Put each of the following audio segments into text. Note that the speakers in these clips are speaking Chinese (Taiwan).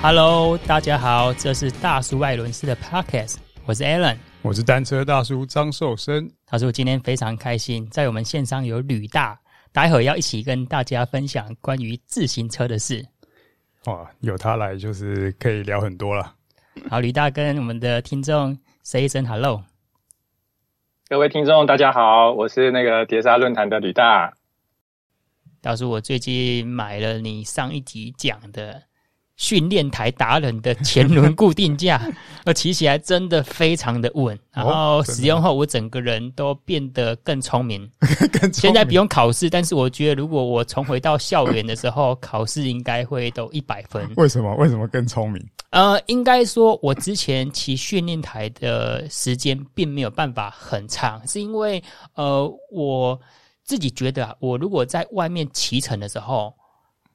Hello，大家好，這是大叔愛輪式的 Podcast，我是 Alan，我是單車大叔張壽生，他說今天非常開心，在我們線上有呂大，待會兒要一起跟大家分享關於自行車的事。哇，有他來就是可以聊很多了。好，呂大跟我們的聽眾 Say 一聲 Hello，各位聽眾大家好，我是那個碟煞論壇的呂大，大叔我最近買了你上一集講的。訓練台達人的前輪固定架，我騎起來真的非常的穩。然後使用後，我整個人都變得更聰明。現在不用考試，但是我覺得如果我重回到校園的時候，考試應該會都一百分？為什麼？為什麼更聰明？呃，應該說，我之前騎訓練台的時間並沒有辦法很長，是因為呃，我自己覺得啊，我如果在外面騎乘的時候。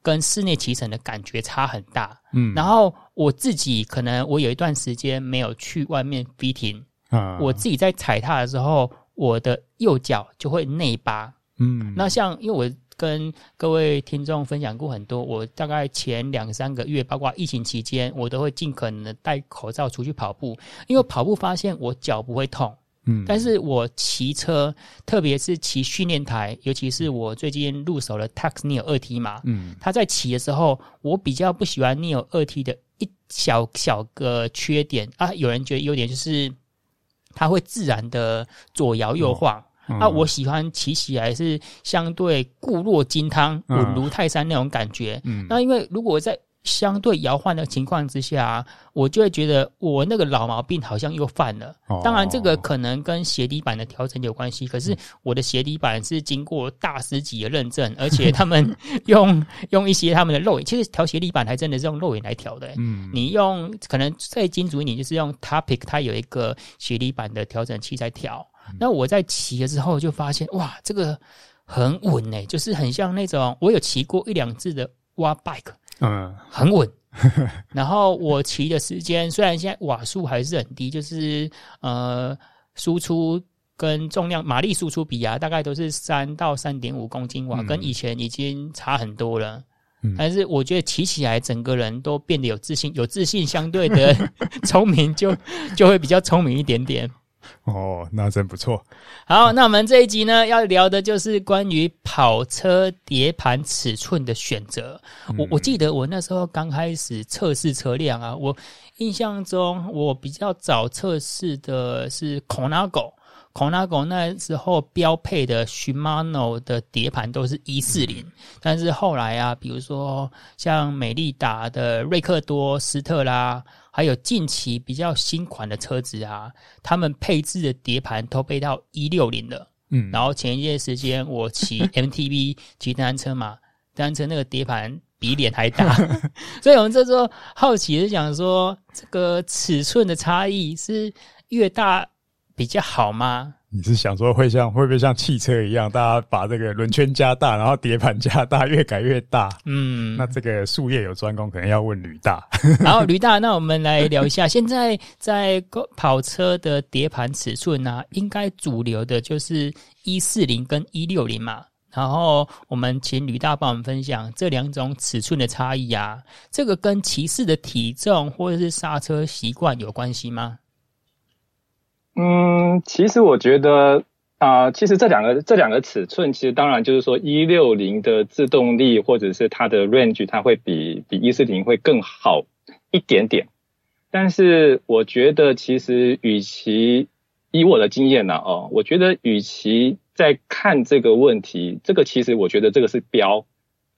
跟室內騎乘的感覺差很大，嗯，然後我自己可能我有一段時間沒有去外面逼停，啊，我自己在踩踏的時候，我的右腳就會內八，嗯，那像因為我跟各位聽眾分享過很多，我大概前兩三個月，包括疫情期間，我都會盡可能的戴口罩出去跑步，因為跑步發現我腳不會痛。嗯，但是我騎車，特別是騎訓練台，尤其是我最近入手了 Tax Neo 二 T 嘛，嗯，它在騎的時候，我比較不喜歡 Neo 二 T 的一小小個缺點啊，有人覺得優點就是，它會自然的左搖右晃，哦、啊、嗯，我喜歡騎起來是相對固若金湯、穩如泰山那種感覺，嗯，那因為如果我在相對搖晃的情況之下，我就會覺得我那個老毛病好像又犯了。哦、當然，這個可能跟鞋底板的調整有關係。可是我的鞋底板是經過大師級的認證，嗯、而且他們用 用一些他們的肉眼，其實調鞋底板還真的是用肉眼來調的、欸。嗯，你用可能再精準一點，就是用 Topic，它有一個鞋底板的調整器在調。嗯、那我在騎了之後就發現，哇，這個很穩哎、欸，就是很像那種我有騎過一兩次的 Wabike。嗯、uh,，很穩。然後我騎的時間雖然現在瓦數還是很低，就是呃，輸出跟重量馬力輸出比啊，大概都是三到三點五公斤瓦、嗯，跟以前已經差很多了。嗯、但是我覺得騎起來整個人都變得有自信，有自信相對的聰 明就，就就會比較聰明一點點。哦，那真不錯。好，那我們這一集呢，要聊的就是關於跑車碟盤尺寸的選擇。我我記得我那時候剛開始測試車輛啊，我印象中我比較早測試的是 Colnago 孔拉狗那時候標配的 Shimano 的碟盤都是一四零，但是後來啊，比如說像美利達的瑞克多、斯特拉，還有近期比較新款的車子啊，他們配置的碟盤都配到一六零了。嗯，然後前一段時間我騎 MTB 騎單車嘛，單車那個碟盤比臉還大， 所以我們這時候好奇的想說，這個尺寸的差異是越大比較好嗎？你是想說會像、會不會像汽車一樣，大家把這個輪圈加大，然後碟盤加大，越改越大？嗯，那這個術業有專攻，可能要問呂大。然後呂大，那我們來聊一下， 現在在跑車的碟盤尺寸啊，應該主流的就是一四零跟一六零嘛。然後我們請呂大幫我們分享這兩種尺寸的差異啊，這個跟騎士的體重或者是剎車習慣有關係嗎？嗯，其實我覺得啊、呃，其實這兩個這兩個尺寸，其實當然就是說一六零的制動力，或者是它的 range，它會比比一四零會更好一點點。但是我覺得，其實與其以我的經驗呢、啊，哦，我覺得與其在看這個問題，這個其實我覺得這個是標。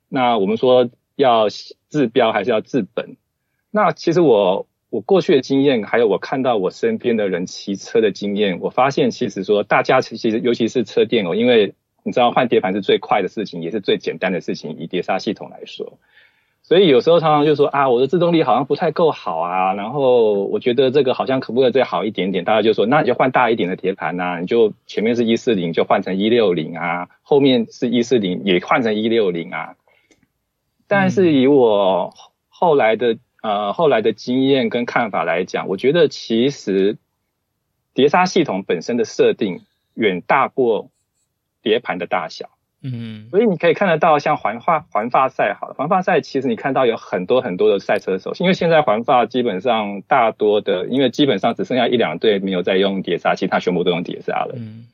那我們說要治標還是要治本？那其實我。我過去的經驗，還有我看到我身邊的人騎車的經驗，我發現其實說大家其實尤其是車店哦，因為你知道換碟盤是最快的事情，也是最簡單的事情，以碟剎系統來說。所以有時候常常就說啊，我的制動力好像不太夠好啊，然後我覺得這個好像可不可以再好一點點？大家就說那你就換大一點的碟盤吶，你就前面是一四零就換成一六零啊，後面是一四零也換成一六零啊。但是以我後來的。呃，後來的經驗跟看法來講，我覺得其實碟剎系統本身的設定遠大過碟盤的大小。嗯，所以你可以看得到像環法，像環法環法賽好了，環法賽其實你看到有很多很多的賽車手，因為現在環法基本上大多的，因為基本上只剩下一兩隊沒有在用碟剎，其他全部都用碟剎了。嗯，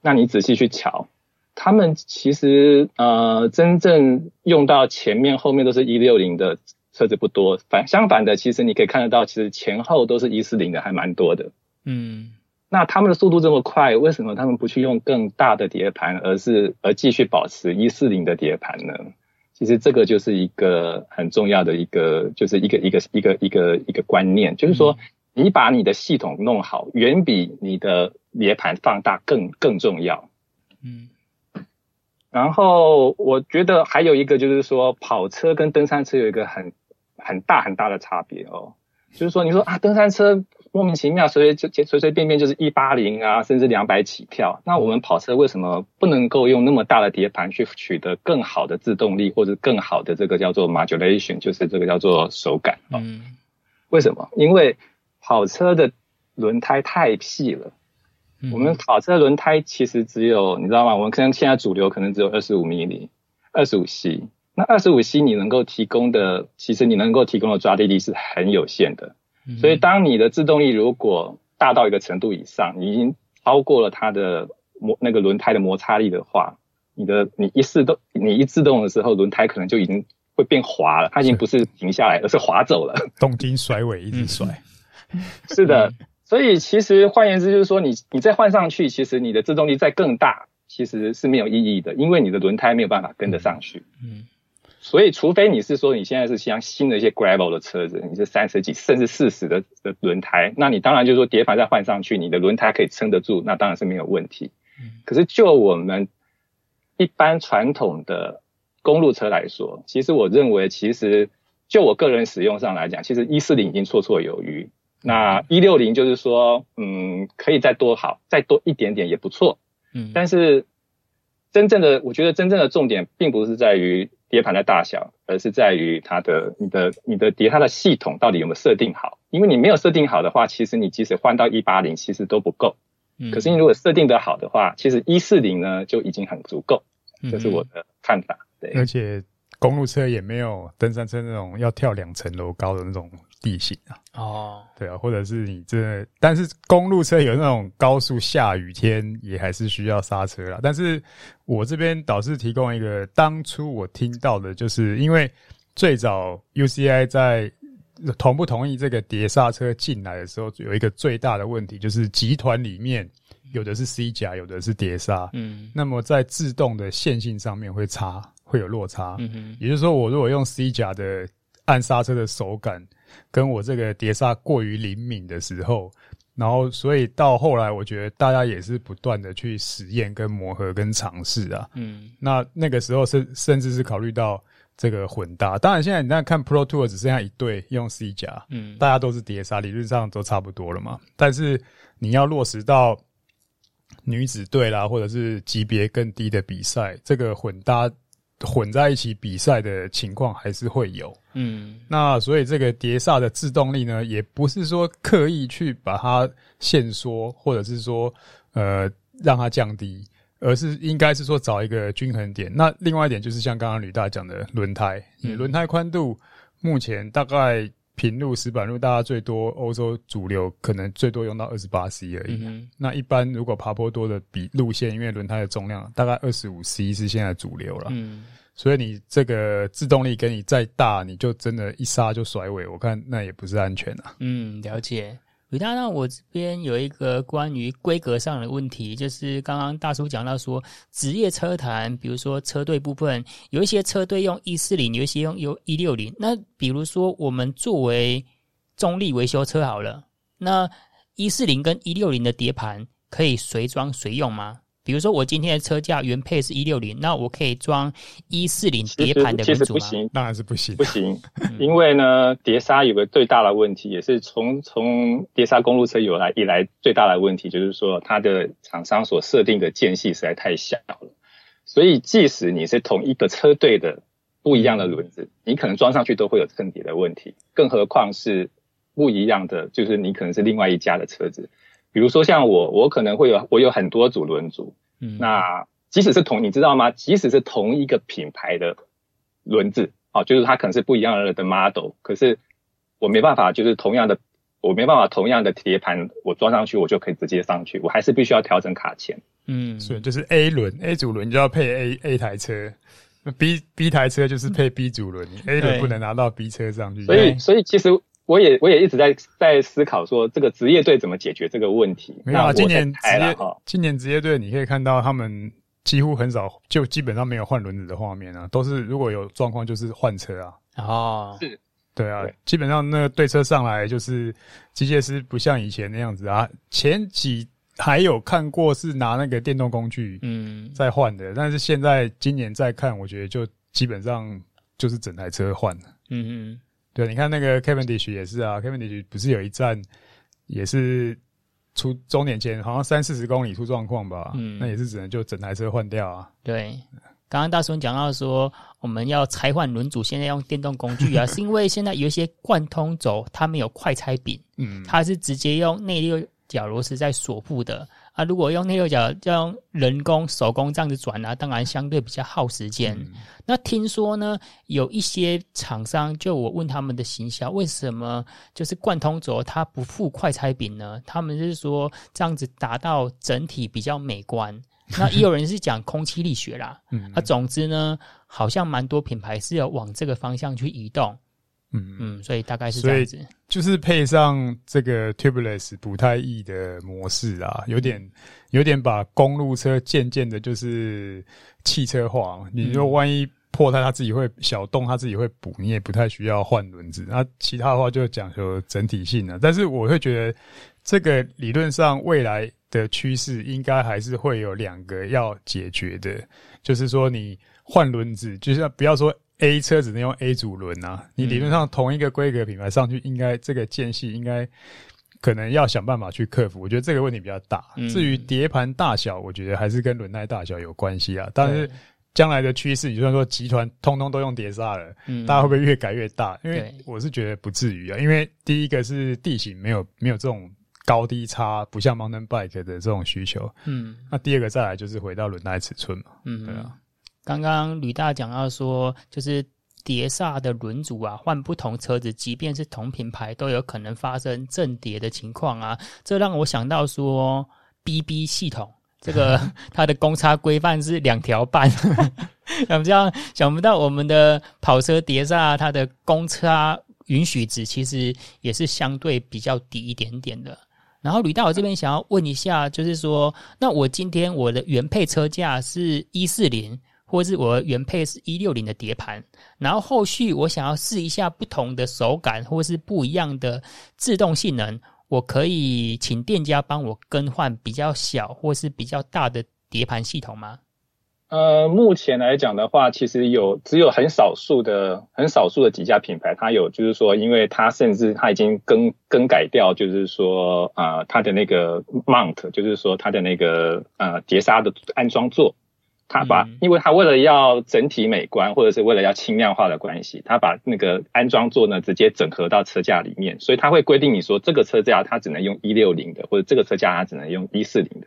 那你仔細去瞧，他們其實呃，真正用到前面後面都是一六零的。車子不多，反，相反的，其實你可以看得到，其實前後都是一四零的，還蠻多的。嗯，那他們的速度這麼快，為什麼他們不去用更大的碟盤，而是而繼續保持一四零的碟盤呢？其實這個就是一個很重要的一個，就是一個一個一個一個一個，一個，一個觀念，就是說你把你的系統弄好，遠比你的碟盤放大更更重要。嗯，然後我覺得還有一個就是說，跑車跟登山車有一個很。很大很大的差別哦，就是說，你說啊，登山車莫名其妙，隨隨就隨隨便便就是一八零啊，甚至兩百起跳。那我們跑車為什麼不能夠用那麼大的碟盤去取得更好的制動力，或者更好的這個叫做 modulation，就是這個叫做手感嗯、哦，為什麼？因為跑車的輪胎太細了。我們跑車輪胎其實只有，你知道嗎？我們可能現在主流可能只有二十五毫米，二十五 C。那二十五 C 你能夠提供的，其實你能夠提供的抓地力是很有限的。所以當你的制動力如果大到一個程度以上，你已經超過了它的摩那個輪胎的摩擦力的話，你的你一制動，你一制動的時候，輪胎可能就已經會變滑了，它已經不是停下來，而是滑走了。 東京甩尾，一直甩。嗯。 是的，所以其實換言之就是說，你你再換上去，其實你的制動力再更大，其實是沒有意義的，因為你的輪胎沒有辦法跟得上去。嗯，嗯。所以，除非你是說你現在是像新的一些 gravel 的車子，你是三十幾甚至四十的的輪胎，那你當然就是說碟盤再換上去，你的輪胎可以撐得住，那當然是沒有問題。嗯。可是就我們一般傳統的公路車來說，其實我認為，其實就我個人使用上來講，其實一四零已經綽綽有餘。那一六零就是說，嗯，可以再多好再多一點點也不錯。嗯。但是。真正的，我覺得真正的重點並不是在於碟盤的大小，而是在於它的、你的、你的碟它的系統到底有沒有設定好。因為你沒有設定好的話，其實你即使換到一八零，其實都不夠。可是你如果設定的好的話，其實一四零呢就已經很足夠。這是我的看法。嗯。對。而且公路車也沒有登山車那種要跳兩層樓高的那種。地形啊，哦、oh.，對啊，或者是你這，但是公路車有那種高速下雨天也還是需要剎車啦，但是，我這邊倒是提供一個，當初我聽到的就是，因為最早 UCI 在同不同意這個碟剎車進來的時候，有一個最大的問題，就是集團裡面有的是 C 甲，有的是碟剎，嗯，那麼在制動的線性上面會差，會有落差，嗯哼，也就是說，我如果用 C 甲的。按剎車的手感跟我這個碟剎過於靈敏的時候，然後所以到後來，我覺得大家也是不斷的去實驗、跟磨合、跟嘗試啊。嗯，那那個時候甚甚至是考慮到這個混搭。當然，現在你在看看 Pro Tour 只剩下一隊用 C 夾，嗯，大家都是碟剎，理論上都差不多了嘛。但是你要落實到女子隊啦，或者是級別更低的比賽，這個混搭。混在一起比賽的情況還是會有，嗯，那所以這個碟剎的制動力呢，也不是說刻意去把它限縮，或者是說呃讓它降低，而是應該是說找一個均衡點。那另外一點就是像剛剛呂大講的輪胎，輪胎、嗯、輪胎寬度目前大概。平路石板路，大家最多歐洲主流可能最多用到二十八 C 而已、嗯。那一般如果爬坡多的，比路線，因為輪胎的重量大概二十五 C 是現在主流了、嗯。所以你這個制動力給你再大，你就真的一剎就甩尾，我看那也不是安全的、啊。嗯，了解。呂大，那我這邊有一個關於規格上的問題，就是剛剛大叔講到說，職業車壇，比如說車隊部分，有一些車隊用一四零，有一些用用一六零。那比如說我們作為中立維修車好了，那一四零跟一六零的碟盤可以隨裝隨用嗎？比如說，我今天的車架原配是一六零，那我可以裝一四零碟盤的輪組嗎？其實不行，當然是不行，不行、嗯。因為呢，碟剎有個最大的問題，也是從從碟剎公路車有來以來最大的問題，就是說它的廠商所設定的間隙實在太小了。所以，即使你是同一個車隊的不一樣的輪子、嗯，你可能裝上去都會有蹭碟的問題。更何況是不一樣的，就是你可能是另外一家的車子。比如說像我，我可能會有我有很多組輪組。嗯，那即使是同，你知道嗎？即使是同一個品牌的輪子，哦、啊，就是它可能是不一樣的的 model，可是我沒辦法，就是同樣的，我沒辦法同樣的碟盤，我裝上去我就可以直接上去，我還是必須要調整卡鉗。嗯，所以就是 A 輪 A 組輪就要配 A A 台車，那 B B 台車就是配 B 組輪、嗯、，A 輪不能拿到 B 車上去。嗯、所以，所以其實。我也我也一直在在思考說這個職業隊怎麼解決這個問題。沒有，啊，今年職業，今年職業隊你可以看到他們幾乎很少，就基本上沒有換輪子的畫面啊，都是如果有狀況就是換車啊。哦、啊，是，對啊，對基本上那個對車上來就是機械師不像以前那樣子啊，前幾還有看過是拿那個電動工具在嗯在換的，但是現在今年再看，我覺得就基本上就是整台車換了。嗯嗯。對，你看那個 Cavendish 也是啊，Cavendish 不是有一站也是出終點前好像三四十公里出狀況吧？嗯，那也是只能就整台車換掉啊。對，剛剛大孫講到說我們要拆換輪組，現在用電動工具啊， 是因為現在有一些貫通軸它沒有快拆柄，嗯，它是直接用內六角螺絲在鎖固的。啊，如果用那個內六角，人工手工這樣子轉啊，當然相對比較耗時間。嗯。那聽說呢，有一些廠商，就我問他們的行銷，為什麼就是貫通軸它不附快拆柄呢？他們是說這樣子達到整體比較美觀。那也有人是講空氣力學啦。嗯， 啊，總之呢，好像蠻多品牌是要往這個方向去移動。嗯嗯，所以大概是這樣子，就是配上這個 tubeless 補胎液的模式啊，有點有點把公路車漸漸的就是汽車化。你說萬一破胎，它自己會小洞，它自己會補，你也不太需要換輪子。那其他的話就講說整體性了啊。但是我會覺得這個理論上未來的趨勢應該還是會有兩個要解決的，就是說你換輪子，就是要不要說。A 車只能用 A 組輪啊，你理論上同一個規格品牌上去，應該這個間隙應該可能要想辦法去克服。我覺得這個問題比較大。至於碟盤大小，我覺得還是跟輪胎大小有關係啊。但是將來的趨勢，你就算說集團通通都用碟剎了，大家會不會越改越大？因為我是覺得不至於啊，因為第一個是地形沒有沒有這種高低差，不像 Mountain Bike 的這種需求。嗯，那第二個再來就是回到輪胎尺寸嘛。嗯，對啊。剛剛呂大講到說，就是碟剎的輪組啊，換不同車子，即便是同品牌，都有可能發生震碟的情況啊。這讓我想到說，BB 系統這個它的公差規範是兩條半，想不到，想不到我們的跑車碟剎它的公差允許值其實也是相對比較低一點點的。然後呂大，我這邊想要問一下，就是說，那我今天我的原配車架是一四零，或是我原配是一六零的碟盤，然後後續我想要試一下不同的手感，或是不一樣的制動性能，我可以請店家幫我更換比較小或是比較大的碟盤系統嗎？呃，目前來講的話，其實有只有很少數的很少數的幾家品牌，它有就是說，因為它甚至它已經更更改掉，就是說啊、呃，它的那個 mount，就是說它的那個啊、呃、碟剎的安裝座。他把，因為他為了要整體美觀，或者是為了要輕量化的關係，他把那個安裝座呢直接整合到車架裡面，所以他會規定你說，這個車架它只能用一六零的，或者這個車架它只能用一四零的。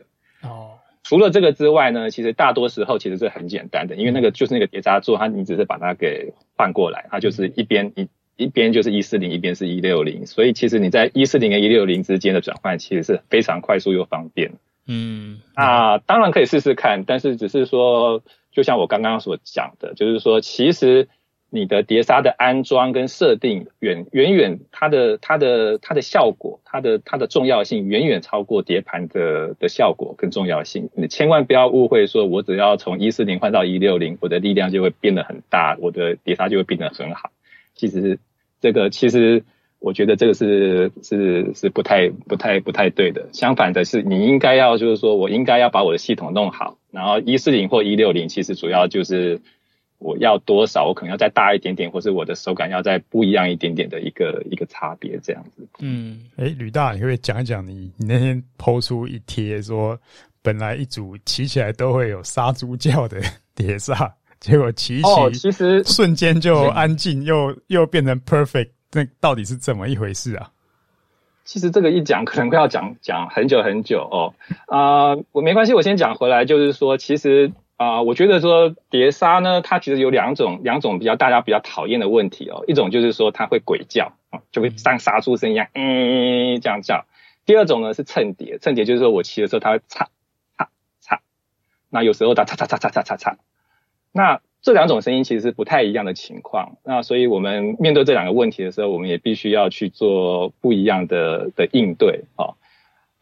哦，除了這個之外呢，其實大多時候其實是很簡單的，因為那個就是那個碟煞座，它你只是把它給換過來，它就是一邊一一邊就是140一四零，一邊是一六零，所以其實你在一四零跟一六零之間的轉換其實是非常快速又方便。嗯、啊，那當然可以試試看，但是只是說，就像我剛剛所講的，就是說，其實你的碟剎的安裝跟設定遠，遠遠遠它的它的它的效果，它的它的重要性，遠遠超過碟盤的的效果跟重要性。你千萬不要誤會，說我只要從一四零換到一六零，我的力量就會變得很大，我的碟剎就會變得很好。其實這個其實。我覺得這個是是是不太不太不太、不太對的。相反的是，你應該要就是說，我應該要把我的系統弄好。然後一四零或一六零，其實主要就是我要多少，我可能要再大一點點，或是我的手感要再不一樣一點點的一個一個差別這樣子。嗯，哎、欸，呂大，你可以講一講你你那天剖出一帖說，本來一組騎起來都會有殺豬叫的碟剎，結果騎一騎哦，其實瞬間就安靜，又又變成 perfect。那到底是怎麼一回事啊？其實這個一講可能會要講講很久很久哦啊、呃，我沒關係，我先講回來，就是說，其實啊、呃，我覺得說碟剎呢，它其實有兩種兩種比較大家比較討厭的問題哦，一種就是說它會鬼叫啊，就會像殺豬聲一樣，嗯，這樣叫；第二種呢是蹭碟，蹭碟就是說我騎的時候它會嚓嚓嚓。那有時候它嚓嚓嚓嚓嚓嚓嚓。那。這兩種聲音其實是不太一樣的情況，那所以我們面對這兩個問題的時候，我們也必須要去做不一樣的的應對啊、哦。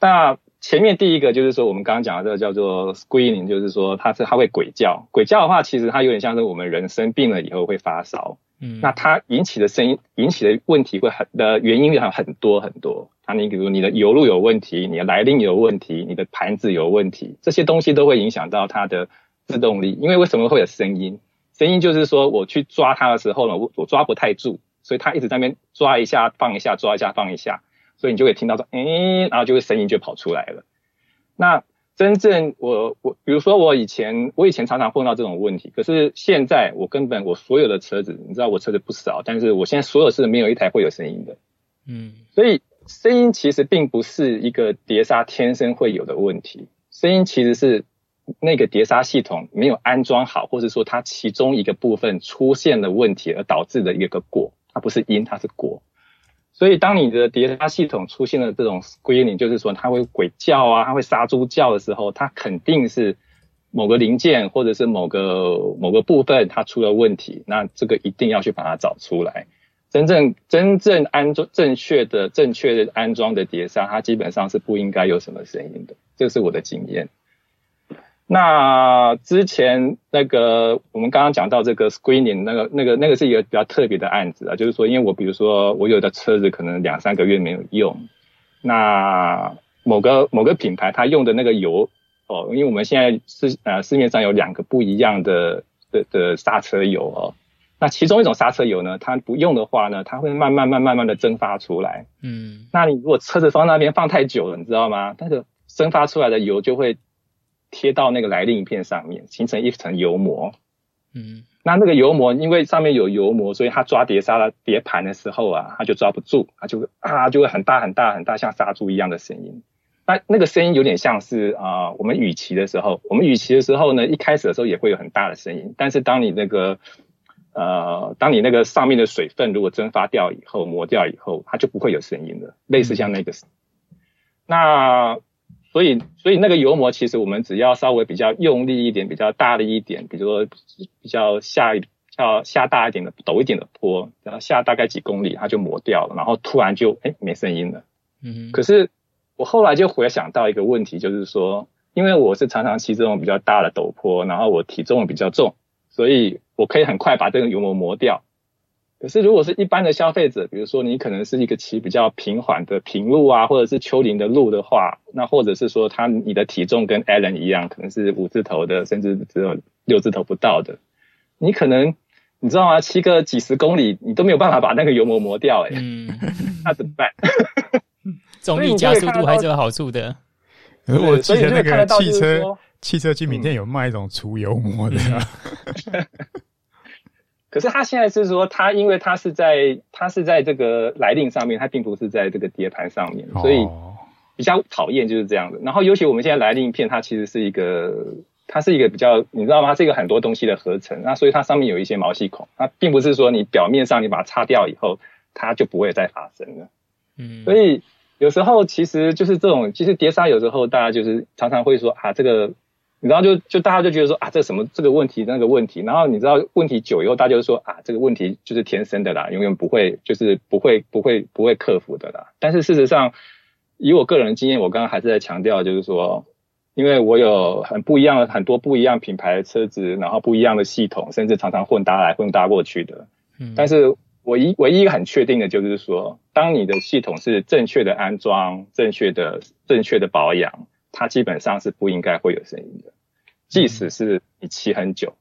那前面第一個就是說，我們剛剛講的這個叫做 squealing，就是說它是它會鬼叫。鬼叫的話，其實它有點像是我們人生病了以後會發燒。嗯，那它引起的聲音引起的問題會很的原因有很，很多很多。那你比如你的油路有問題，你的來令有問題，你的盤子有問題，這些東西都會影響到它的制動力。因為為什麼會有聲音？聲音就是說，我去抓它的時候呢，我我抓不太住，所以它一直在那邊抓一下放一下，抓一下放一下，所以你就會聽到說，誒、嗯，然後就會聲音就跑出來了。那真正我我，比如說我以前我以前常常碰到這種問題，可是現在我根本我所有的車子，你知道我車子不少，但是我現在所有是沒有一台會有聲音的，嗯，所以聲音其實並不是一個碟剎天生會有的問題，聲音其實是。那個碟剎系統沒有安裝好，或者說它其中一個部分出現了問題而導致的一個個果，它不是因，它是果。所以，當你的碟剎系統出現了這種 squealing，就是說它會鬼叫啊，它會殺豬叫的時候，它肯定是某個零件或者是某個某個部分它出了問題。那這個一定要去把它找出來。真正真正安裝正確的、正確的安裝的碟剎，它基本上是不應該有什麼聲音的。這是我的經驗。那之前那個我們剛剛講到這個 screening 那個，那個那個那個是一個比較特別的案子啊，就是說，因為我比如說我有的車子可能兩三個月沒有用，那某個某個品牌它用的那個油哦，因為我們現在市呃市面上有兩個不一樣的的的剎車油哦，那其中一種剎車油呢，它不用的話呢，它會慢慢慢慢慢慢的蒸发出來，嗯，那你如果車子放那邊放太久了，你知道嗎？但是蒸发出來的油就會。貼到那個來令片上面，形成一層油膜。嗯，那那個油膜，因為上面有油膜，所以它抓碟煞的碟盤的時候啊，它就抓不住，它就啊就會很大很大很大，像殺豬一樣的聲音。那那個聲音有點像是啊、呃，我們雨騎的時候，我們雨騎的時候呢，一開始的時候也會有很大的聲音，但是當你那個呃，當你那個上面的水分如果蒸發掉以後，磨掉以後，它就不會有聲音了，類似像那個，嗯、那。所以，所以那個油膜其實我們只要稍微比較用力一點，比較大力一點，比如說比較下，要下大一點的、陡一點的坡，然後下大概幾公里，它就磨掉了，然後突然就，哎，沒聲音了。嗯，可是我後來就回想到一個問題，就是說，因為我是常常騎這種比較大的陡坡，然後我體重比較重，所以我可以很快把這個油膜磨掉。可是，如果是一般的消費者，比如說你可能是一個騎比較平緩的平路啊，或者是丘陵的路的話，那或者是說他你的體重跟 Alan 一樣，可能是五字頭的，甚至只有六字頭不到的，你可能你知道嗎？騎個幾十公里，你都沒有辦法把那個油膜磨掉、欸，哎、嗯，那怎麼辦？重力 加速度還是有好處的。我記得那個汽車汽車精品店有賣一種除油膜的。嗯 可是他現在是說，他因為他是在他是在這個來令上面，他並不是在這個碟盤上面，所以比較討厭就是這樣子。然後尤其我們現在來令片，它其實是一個，它是一個比較，你知道嗎？它是一個很多東西的合成，那所以它上面有一些毛細孔，它並不是說你表面上你把它擦掉以後，它就不會再發生了。嗯，所以有時候其實就是這種，其實碟煞有時候大家就是常常會說啊，這個。你然後就就大家就覺得說啊，這什麼這個問題那個問題，然後你知道問題久以後，大家就說啊，這個問題就是天生的啦，永遠不會就是不會不會不會克服的啦。但是事實上，以我個人的經驗，我剛剛還是在強調，就是說，因為我有很不一樣的很多不一樣品牌的車子，然後不一樣的系統，甚至常常混搭來混搭過去的。嗯。但是我一唯一唯一一個很確定的就是說，當你的系統是正確的安裝、正確的正確的保養。它基本上是不應該會有聲音的，即使是你騎很久。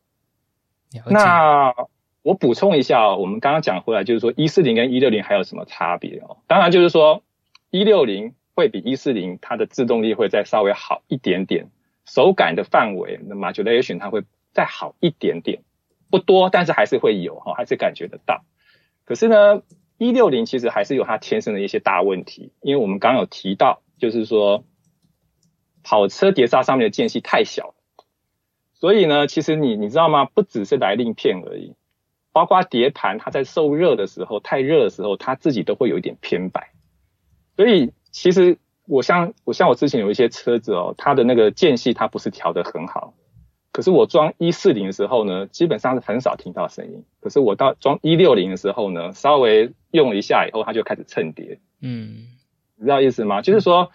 嗯，那我補充一下哦，我們剛剛講回來，就是說一四零跟一六零還有什麼差別哦？當然就是說一六零會比一四零它的制動力會再稍微好一點點，手感的範圍，那 modulation 它會再好一點點，不多，但是還是會有哈，還是感覺得到。可是呢，一六零其實還是有它天生的一些大問題，因為我們剛剛有提到，就是說。好，車碟剎上面的間隙太小了，所以呢，其實你你知道嗎？不只是來令片而已，包括碟盤，它在受熱的時候，太熱的時候，它自己都會有一點偏擺。所以其實我像我像我之前有一些車子哦，它的那個間隙它不是調得很好，可是我裝一四零的時候呢，基本上是很少聽到聲音。可是我到裝一六零的時候呢，稍微用了一下以後，它就開始蹭碟。嗯，你知道意思嗎？就是說。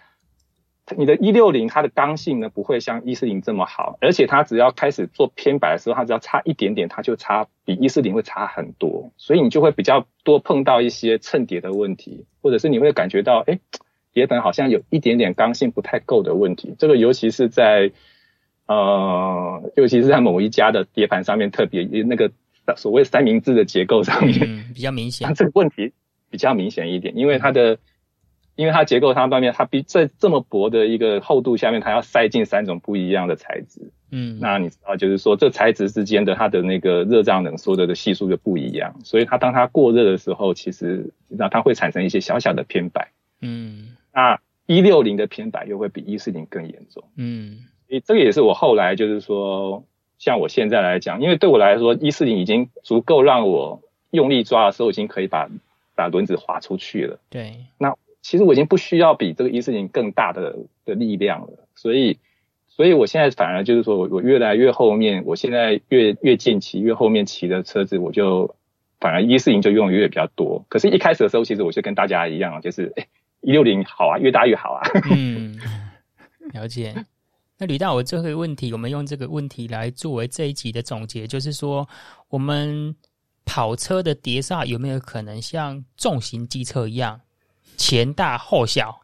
你的160，它的剛性呢，不會像140這麼好，而且它只要開始做偏白的時候，它只要差一點點，它就差比140會差很多，所以你就會比較多碰到一些蹭碟的問題，或者是你會感覺到哎、欸、碟盤好像有一點點剛性不太夠的問題。這個尤其是在呃，尤其是在某一家的碟盤上面特別那個所謂三明治的結構上面、嗯、比較明顯，它這個問題比較明顯一點，因為它的。因為它結構，它外面它比在這麼薄的一個厚度下面，它要塞進三種不一樣的材質。嗯，那你知道，就是說，這材質之間的它的那個熱脹冷縮的的係數就不一樣，所以它當它過熱的時候，其實那它會產生一些小小的偏擺。嗯，那一六零的偏擺又會比一四零更嚴重。嗯，所以這個也是我後來就是說，像我現在來講，因為對我來說一四零已經足夠讓我用力抓的時候，已經可以把把輪子滑出去了。對，那。其實我已經不需要比這個一四零更大的的力量了，所以，所以我現在反而就是說我我越來越後面，我現在越越近騎，越後面騎的車子，我就反而一四零就用的越，越比較多。可是，一開始的時候，其實我就跟大家一樣，就是，欸，一六零好啊，越大越好啊。 嗯，了解。那呂大，我最後一個問題， 我們用這個問題來作為這一集的總結，就是說，我們跑車的碟剎有沒有可能像重型機車一樣？前大後小，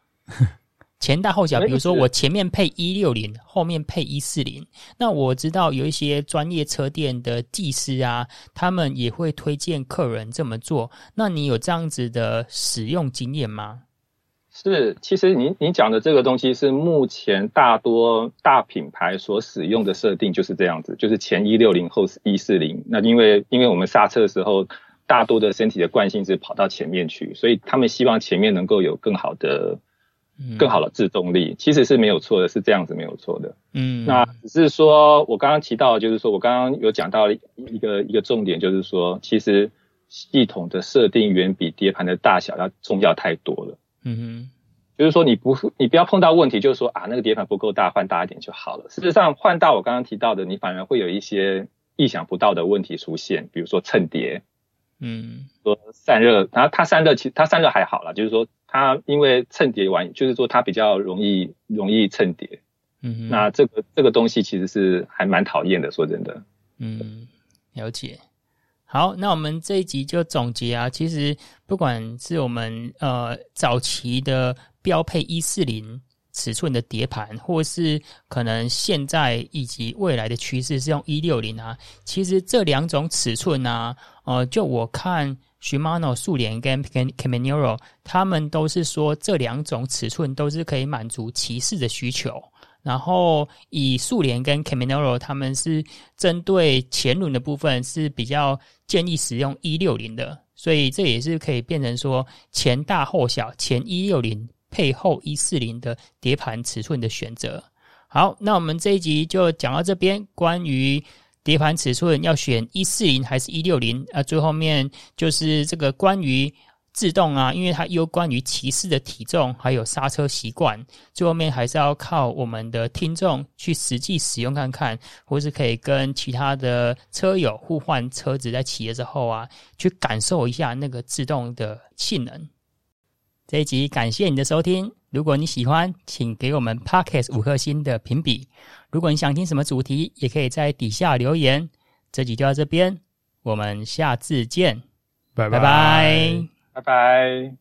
前大後小。比如說，我前面配一六零，後面配一四零。那我知道有一些專業車店的技師啊，他們也會推薦客人這麼做。那你有這樣子的使用經驗嗎？是，其實您您講的這個東西是目前大多大品牌所使用的設定就是這樣子，就是前一六零，後一四零。那因為因為我們剎車的時候。大多的身體的慣性是跑到前面去，所以他們希望前面能夠有更好的、更好的制動力，其實是沒有錯的，是這樣子沒有錯的。嗯，那只是說我剛剛提到，就是說我剛剛有講到一個一個重點，就是說，其實系統的設定遠比碟盤的大小要重要太多了。嗯哼，就是說你不你不要碰到問題，就是說啊，那個碟盤不夠大，換大一點就好了。事實上，換大我剛剛提到的，你反而會有一些意想不到的問題出現，比如說蹭碟。嗯，說散熱，然後它散熱其實它散熱還好啦，就是說它因為蹭碟完，就是說它比較容易容易蹭碟。嗯哼，那這個這個東西其實是還蠻討厭的，說真的。嗯，了解。好，那我們這一集就總結啊，其實不管是我們呃早期的標配一四零，尺寸的碟盤，或是可能現在以及未來的趨勢是用一六零啊。其實這兩種尺寸啊，呃，就我看，Shimano 速聯跟 Campagnolo，他們都是說這兩種尺寸都是可以滿足騎士的需求。然後以速聯跟 Campagnolo，他們是針對前輪的部分是比較建議使用一六零的，所以這也是可以變成說前大後小，前一六零，配後一四零的碟盤尺寸的選擇。好，那我們這一集就講到這邊。關於碟盤尺寸要選一四零還是一六零？啊，最後面就是這個關於制動啊，因為它有關於騎士的體重還有剎車習慣。最後面還是要靠我們的聽眾去實際使用看看，或是可以跟其他的車友互換車子在騎了之後啊，去感受一下那個制動的性能。這一集感謝你的收聽，如果你喜歡，請給我們 podcast 五顆星的評比。如果你想聽什麼主題，也可以在底下留言。這集就到這邊，我們下次見，拜拜拜拜。拜拜。